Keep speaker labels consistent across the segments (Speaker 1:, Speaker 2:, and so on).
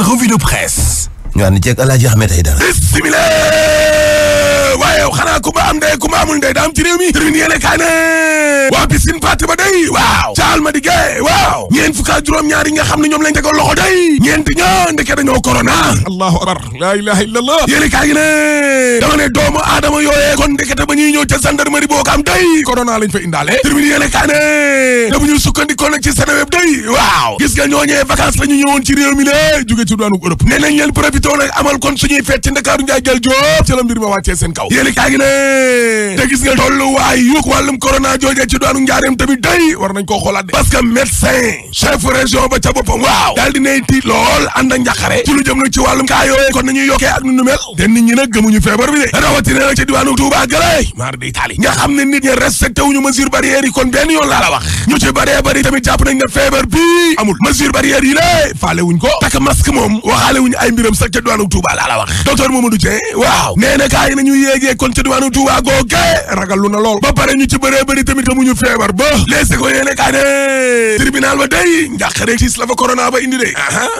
Speaker 1: revue de presse ñu ànd ceeg Alaaji Ahmed Aïdara
Speaker 2: Eh, waaye xanaa ku ma am ndey ku ma amul ndey da am ci réew mi termine yéene kaa ne waa piscine party ba day waaw caal ma di gee waaw ñeent fukk ak juróom ñaar xam ne ñoom lañ tegoon day ñeent ña ndeke dañoo corona allahu akbar la ilaha illallah yéene kaa gi ne dama ne doomu aadama yooyee kon ndekete ba ñuy ñëw ca gendarmerie boo kam day corona lañ fa indaale termine yéene kaa ne da bu ñu sukkandikoo nag ci day waaw gis nga ñooñee vacances la ñu ñëwoon ci réew mi lé jóge ci daanu Europe ne nañ leen profité nag amal kon suñuy fête ci Ndakaaru Njaay jël kaw yéeni kaay gi ne te gis nga tolluwaay yuuk wàllum ci doonu njaareem tamit day war nañ xoolaat de parce que chef région ba ca boppam waaw daal dinay tiit lool ànd ak njaqare ci lu jëm nag ci wàllum kaa yooye kon nañuy yokkee ak nu nu mel te nit ñi nag gëmuñu feebar bi de rawatina nag ci diwaanu Touba gëlay mar di Italie nga xam ne nit ñi respecté wuñu mesure yi kon benn yoon laa la wax ñu ci baree bari tamit jàpp nañ bi amul mesure barrière yi lé na kaay yeegee kon ca diwaanu Touba googe ragallu na lool ba pare ñu ci bëree bëri tamit la mu ñu feebar ba leese ko yéene kaa ne ba day njàq rek siis la fa corona ba indi de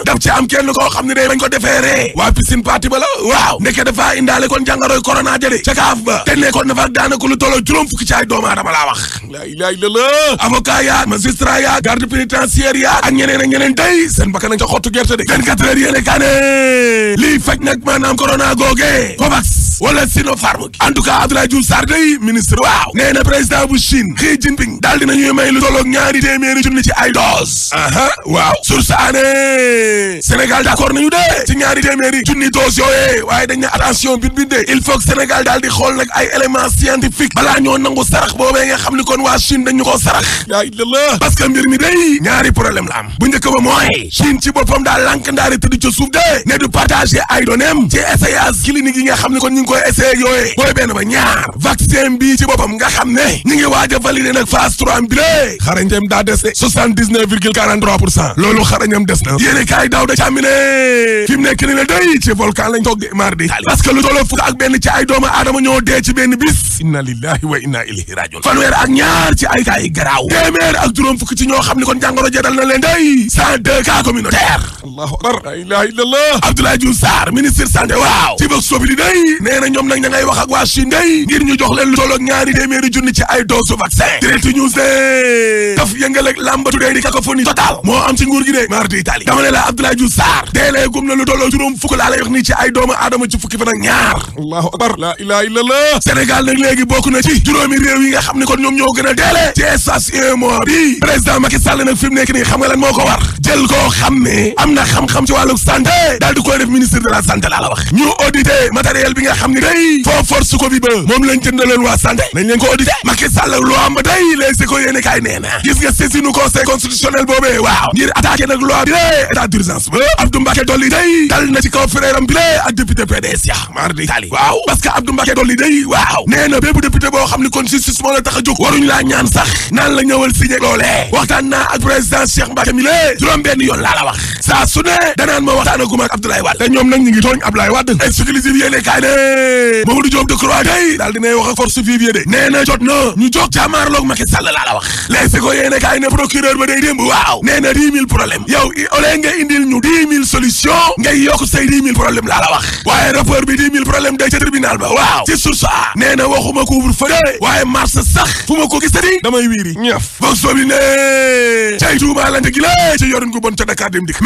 Speaker 2: daf ci am ne ko defeeree waa piscine party ba la waaw ndeke dafa indaale kon jàngoroy corona jëde ca kaaf ba te nekkoon dafa daanaka lu tolloo juróom fukki ci ay doomu aadama laa wax laa ilaaha illallaah avocat yaa magistrat yaa garde pénitentiaire yaa ak ñeneen ak ñeneen day seen bakkan nañ ca xottu gerte de 24 heures yéene lii faj nag maanaam Pfizer wala Sinopharm gi en tout cas Abdoulaye Diouf Sarr day ministre waaw nee na président bu Chine Xi Jinping daal dinañuy may lu tolloog ñaari téeméeri junni ci ay dose aha waaw source aané Sénégal d'accord nañu dee ci ñaari téeméeri junni dose yooyee waaye dañ ne attention il faut Sénégal daal di xool nag ay éléments scientifiques balaa ñoo nangu sarax boobee nga xam ni kon waa Chine dañu ko sarax yaa illallah parce que mbir mi day ñaari problème la bu njëkk ba m Chine ci boppam daal lànk ndaari tëdd ngi koy essayé des na yéene kaay daaw da càmmine fi mu la day ci volcan lañ toog mardi parce lu tolloo fukk ak benn ci ay doomu aadama ñoo dee ci benn bis inna lillahi wa inna ilayhi rajiun fanweer ak ñaar ci ay kaay garaaw téeméer ak juróom fukk ci ñoo xam ne kon jàngoro jadal na leen day 102 cas communautaire la ilaha illallah Abdoulaye Diouf Sarr ministre santé waaw ci bos sobili day nee na ñoom nag ña ngay wax ak waa Chine day ngir ñu jox leen lu tolloog ñaari téeméeri junni ci ay dose vaccin direct news de daf yëngal ak làmbatu day di cacophonie total moo am ci nguur gi de mardi Italie dama ne la Abdoulaye Diouf Sarr deelee gum na lu tolloog juróom fukk laa lay wax nii ci ay doomu aadama ci fukki fan ak ñaar allahu akbar la ilaha illallah Sénégal nag léegi bokk na ci juróomi réew yi nga xam ne kon ñoom ñoo gën a deelee ci espace un mois bi président Macky Sall nag fi mu nekk nii xam nga lan moo ko war jël koo xam ne am na xam-xam ci wàllu santé daal di koy def ministre de la santé laa la wax ñu audité matériel bi nga xam ne day foo force ko bi ba moom lañ jëndaloon waa santé nañ leen ko audité Macky Sall lu am day les éco yéene kaay nee na gis nga saisinu conseil constitutionnel boobee waaw ngir attaqué nag loi bi lée état ba Abdou Mbacké day dal na ci kaw frère ak député PDS maar di tali waaw parce que Abdou Mbacké day waaw nee na bépp député boo xam ne kon justice moo la tax a jóg waruñu laa ñaan sax naan la ñëwal signé loolee waxtaan waxtaan ak Mamadou Diop Decroix day daal dinay wax ak force vive de nee na jot na ñu jog jàmmaarloog Macky Sall laa la wax les ko yéene kaay ne procureur ba day démb waaw nee na dix mille problème yow ole nga indil ñu dix mille solution ngay yokk say dix mille problème laa la wax waaye rapport bi dix mille problème day ca tribunal ba waaw ci source a nee na waxuma couvre feu waaye marche sax fu ma ko gisati damay wiiri ñëf vox sobi ne ca Dakar dem dik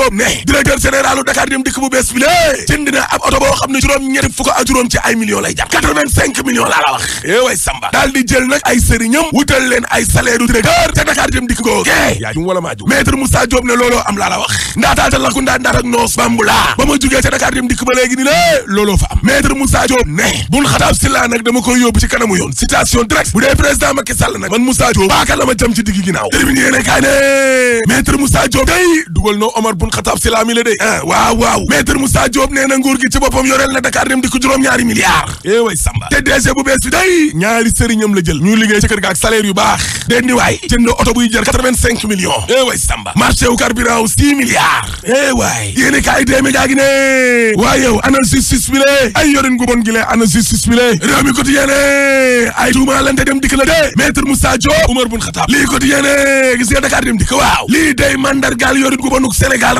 Speaker 2: Diop ne directeur généralu Dakar dem dikk bu bees bi lée ab oto xam ne juróom ñetti fukk ak juróom ci ay millions lay jar quatre laa la wax é eh way Samba daal di jël nag ay sëriñam wutal leen ay salaire du directeur te Dakar dem dikk goog eh, yaa jum wala maa jum maître Moussa Diop ne looloo am laa la wax ndaataata la ku ndaat ndaat noos bambula ba jugee ca Dakar dem dikk ba léegi ni la looloo fa am maître Moussa Diop ne bun xataab si Abdoul Khatab si laa mi la eh, waaw waaw maître Moussa Diop nee nguur gi ci boppam yoreel na Dakar dem di juróom-ñaari milliards eh way Samba te DG bu bees bi day ñaari sëriñam la jël ñu liggéey ci kër ga ak salaire yu baax dendi waay jënd oto buy jar quatre-vingt-cinq millions eh way Samba marché wu carburant wu six milliards eh waay gi ne waaye yow ana justice bi le ay yorin gu bon gi le ana justice bi le réew mi quotidien ay tuuma lante dem dikk la de maître Moussa Diop Oumar Boun Khatab lii quotidien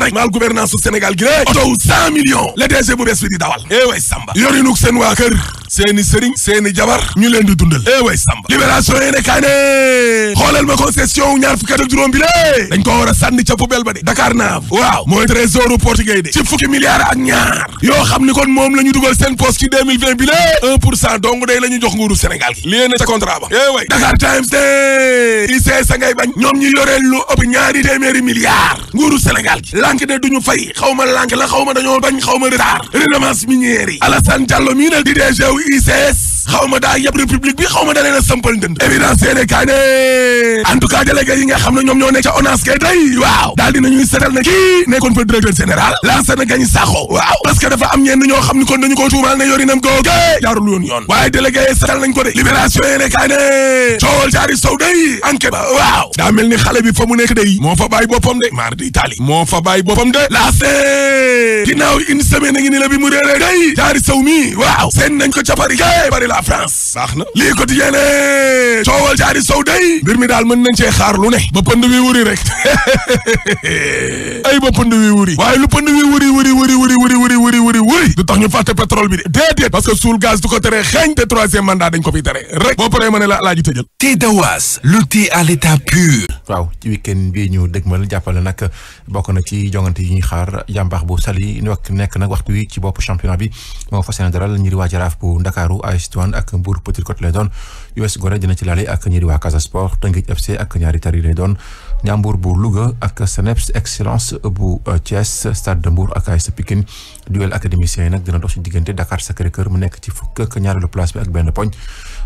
Speaker 2: rek mal gouvernance su Sénégal gi lé otow cent millions la DG bu bees bi di dawal eh way Samba yorinuk seen waa kër seeni sëriñ seeni jabar ñu leen di dundal eh way samba libération yéene kaa ne xoolal ma concession ñaar fukki at ak juróom bi dañ ko war sandi sànni ca poubelle ba de Dakar naaf waaw mooy trésor portugais de ci fukki milliards ak ñaar yoo xam ni kon moom la ñu dugal seen poste ci 2020 bi lé un pour cent donc day la ñu jox nguuru Sénégal gi liyée ne ca contrat ba eh way Dakar Times de ICS sa ngay bañ ñoom ñi yoreel lu ëpp ñaari téeméeri milliards nguuru Sénégal gi lànk de duñu fay xaw ma lànk la xaw xaw ma retard redevance minière yi Alassane Diallo ICS évidence xaw daa yab république bi xaw ma da leen a sampal ndënd évidence yéene yi nga xam ne ñoom ñoo nekk ca ONAS kay day waaw daal dina ñuy setal ne kii nekkoon fa directeur général Lansana Gagny Sakho waaw parce que dafa am ñenn ñoo xam ni kon dañu ko tuumaal ne yorinam googe jaarul yoon yoon waaye délégué yi nañ ko de libération yéene kaa ne coowal jaari day enquête waaw daa mel ni xale bi fa mu nekk day moo fa bàyyi boppam de mar di Italie moo fa la bi mu réeree day jaari sow mi waaw seen nañ ko ca la France baax na lii quotidien ne coowal jaari sow day mbir mi daal mën nañ cee xaar lu ne ba pënd wi wuri rek ay ba pënd wi wuri waaye lu pënd wi wuri wuri wuri wuri wuri wuri wuri wuri du tax ñu fàtte pétrole bi de déedéet parce que suul gaz du ko tere xeeñ te troisième mandat dañ ko fi tere rek boo paree ma ne la
Speaker 1: laaju tëjal thé Dawas le thé à l'état pur waaw ci week-end ñu dëgmal jàppale nag bokk na ci jongante yi ñuy xaar jàmbaax bu sali wak nekk nag waxtu wi ci bopp championnat bi moo fas yéene daral ñiri waa Jaraaf bu Ndakaaru AS Douanes ak Mbour Petite Côte lay doon US Gorée dina ci laale ak ñiri waa Casa technicien yi nag dina dox ci diggante Dakar Sacré-Cœur mu nekk ci fukk ak ñaareelu place bi ak benn poñ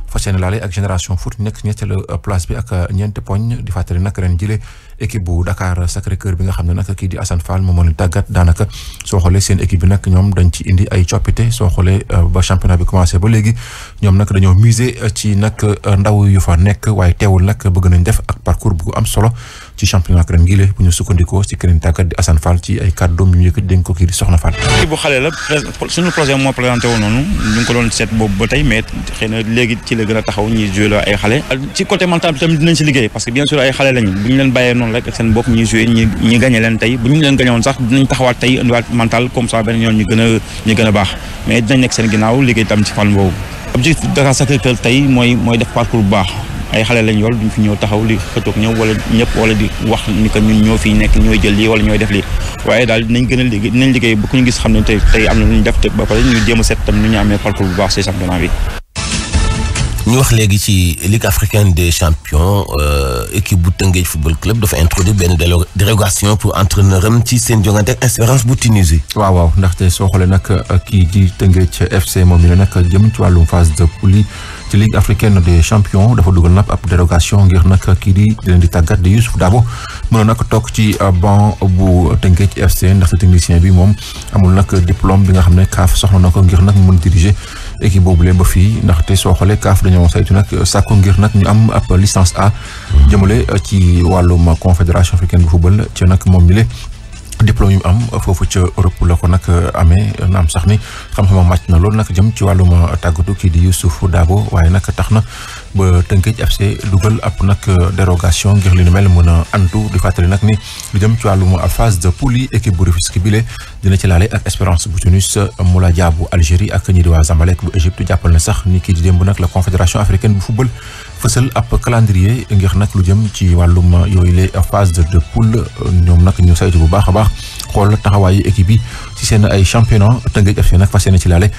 Speaker 1: fas yéene laale ak Génération Foot nekk ci ñetteelu euh, place bi ak euh, ñeenti poñ di fàttali nag ren jile équipe bu Dakar Sacré-Cœur bi nga xam ne nag kii di Assane Fall moom moo leen tàggat daanaka soo xoolee seen équipe bi nag ñoom dañ ci indi ay coppite soo xoolee euh, ba championnat bi commencé ba léegi ñoom nag dañoo musé ci nag ndaw yu fa nekk waaye teewul nag bëgg nañu def ak parcours bu am solo ci championnat ren gi la bu ñu sukkandikoo ci keneen tàggat di Assane Fall ci ay kàddoom yu ñu yëkkat ko kii Soxna Fall. suñu projet moo présenté noonu ñu ko doon seet boobu ba tey mais xëy na léegi ci la gën a taxaw ñuy joué la ay xale ci côté mental tamit dinañ si liggéey parce que bien sûr ay xale lañu bu ñu leen bàyyee noonu rek ak seen bopp ñuy joué ñi ñi leen tey bu ñu leen gagné sax dinañ taxawaat tey indiwaat mental comme ça beneen yoon a ñu gën a tam ci fan mooy mooy ay xale lañ yool duñ fi ñëw taxaw li xëtoog ñëw wala ñëpp wala di wax ni que ñoo fi nekk ñooy jël lii wala ñooy def lii waaye daal dinañ gën a liggéey dinañ liggéey ba ñu gis xam ne tey tey am na lu ñu def te ba pare ñu jéem a tam nu ñu amee parcours bu baax si championnat bi ñu wax léegi ci ligue africaine des champions euh, équipe bu Tëngéej football club dafa introduire benn dérogation pour entraîneur am ci seen jongante ak Espérance bu Tunisie. waaw waaw ndaxte soo xoolee ak euh, kii di Tëngéej FC moom mi ne nag jëm ci wàllum phase de poule ci ligue africaine des champions dafa dugal nag ab dérogation ngir nag kii di leen di tàggat di Youssouf Dabo mën na nag toog ci euh, banc bu Tëngéej FC ndaxte technicien bi moom amul nag diplôme bi nga xam ne CAF soxla na ko ngir nag mën diriger. équipe boobu leen ba fii ndaxte soo xoolee kaaf dañoo saytu nag euh, sàkku ngir nag ñu am ab licence A jëmale euh, ci wàllum confédération africaine bu football ci nag moom mi diplôme yu am foofu ca Europe la ko nag eh, amee naam sax ni xam-xamam màcc na loolu nag jëm ci wàllum eh, tàggatu kii di Youssouf Dabo waaye nag tax na ba Tëngéej FC dugal ab nag eh, dérogation ngir li nu mel mën a antu di fàttali nag ni lu jëm ci wàllum phase de poule yi équipe bu Rufisque bile dina ci laale ak Espérance bu Tunis Mouladiya bu Algérie ak ñi di waa Zamalek bu Égypte jàppal na sax ni kii di démb nak la Confédération africaine bu football fësal ab calendrier ngir nag lu jëm ci wàllum yooyu le phase de poule ñoom nag ñu saytu bu baax a baax xool taxawaayu équipe yi ci seen ay championnat Teungueth FC nag fas yéene ci laale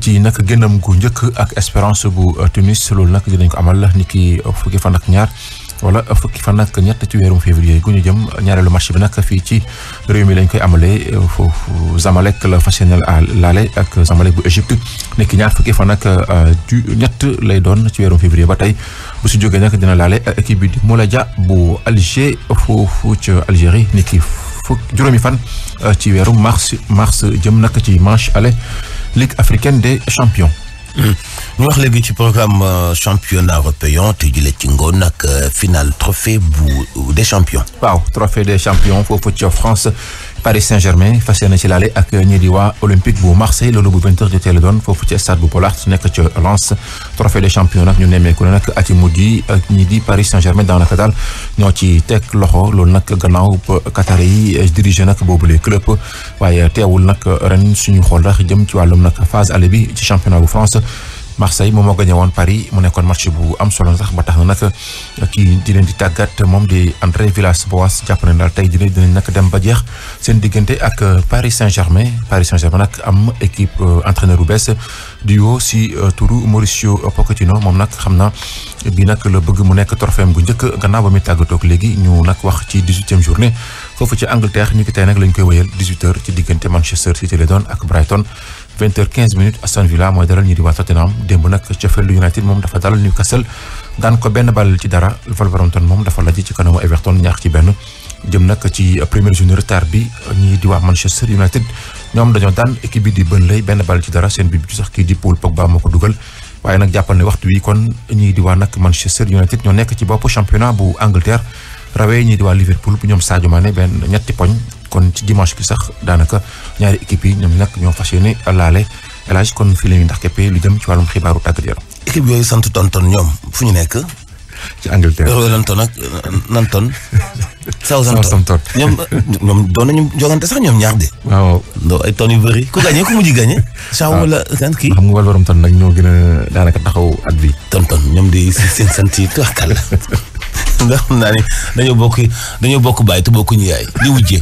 Speaker 1: ci nag génnam gu njëkk ak espérance bu Tunis loolu nag dinañ ko amal ni niki fukki fan ak ñaar. wala fukki fan ak ñett ci weerum février gu ñu jëm ñaareelu marché bi nag fii ci réew mi lañ koy amalee foofu Zamalek la fas yéene laale ak Zamalek bu Égypte ñaar fukki fan ak ju euh, ñett lay doon ci weerum février ba tey bu si jógee nag dina laale ak équipe bi di Mouladia bu Alger foofu ci Algérie niki fukk juróomi fan euh, ci weerum mars mars jëm nag ci manche aller Ligue africaine des champions. ñu wax léegi ci programme euh, championnat européen te jule ci ngoon ak euh, final trophée bu des champions. waaw trophée des champions foofu ci France. Paris Saint-Germain fas yéene ci laale ak ñii di waa Olympique bu Marseille loolu bu vingt heures jotee foofu ci stade bu Bollaert nekk ci Lens trophée de champion nag ñu nemmeeku ne nag ati mujj yi ak ñii di Paris Saint-Germain daanaka daal ñoo ci teg loxo lool nag gannaaw Qatar yi dirigé nag lee club waaye teewul nag ren suñu xool ndax jëm ci wàllum nag phase aller bi ci championnat bu France. Marseille moom moo gagné woon Paris mu nekkoon match bu am solo sax ba tax na nag kii di leen di tàggat moom di André Villas-Boas jàpp na daal tey dina dinañ nag dem ba jeex seen diggante ak Paris Saint-Germain Paris Saint-Germain nag am équipe euh, entraîneur bu bees di woo si euh, turu Mauricio Pochettino moom nag xam na bi nag la bëgg mu nekk trophée bu njëkk gannaaw ba muy tàggatoog léegi ñu nak wax ci dix-huitième journée foofu ci Angleterre ñu ngi tey nag lañ koy wéyal dix ci diggante Manchester City la vingt heures quinze minutes Aston Villa mooy dalal di waa Tottenham démb nag Sheffield United moom dafa daan ko bi di waa Manchester United ñoom dañoo daan équipe bi di Burnley benn bal ci dara seen bi bi sax kii di Paul Pogba moo ko dugal waaye nag jàppal ne waxtu wi kon ñii di waa nag Manchester United ñoo nekk ci bopp championnat bu Angleterre rawee ñii di waa Liverpool bu ñoom Sadio benn ñetti poñ kon ci dimanche bi sax daanaka ñaari équipe yi ñoom nag ñoo fas yéene laale El kon fii la ñuy ndax képpe lu jëm ci wàllum xibaaru tàggat yaram. équipe yooyu sant tonton ñoom fu ñu nekk. ci Angleterre Roelanton ak Nanton. Southampton ñoom ñoom doon nañu jogante sax ñoom ñaar de. waaw doo ay yu bëri ku gagné ku mujj gagné. wala kan kii. xam nga wàllu borom ton nag ñoo gën a daanaka taxaw at bi. tonton ñoom di seen sant yi tuwakkal nga xam naa ne dañoo bokk dañoo bokk bàyyi te bokkuñu yaay li wujje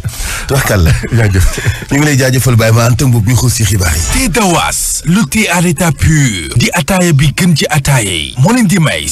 Speaker 1: tubarkàlla jaajëf ñu ngi lay jaajëfal bàyyi ma antam boobu ñu xuus ci xibaar yi te dawaas lu thé à l'état pur di ataaya bi gën ci ataaya yi moo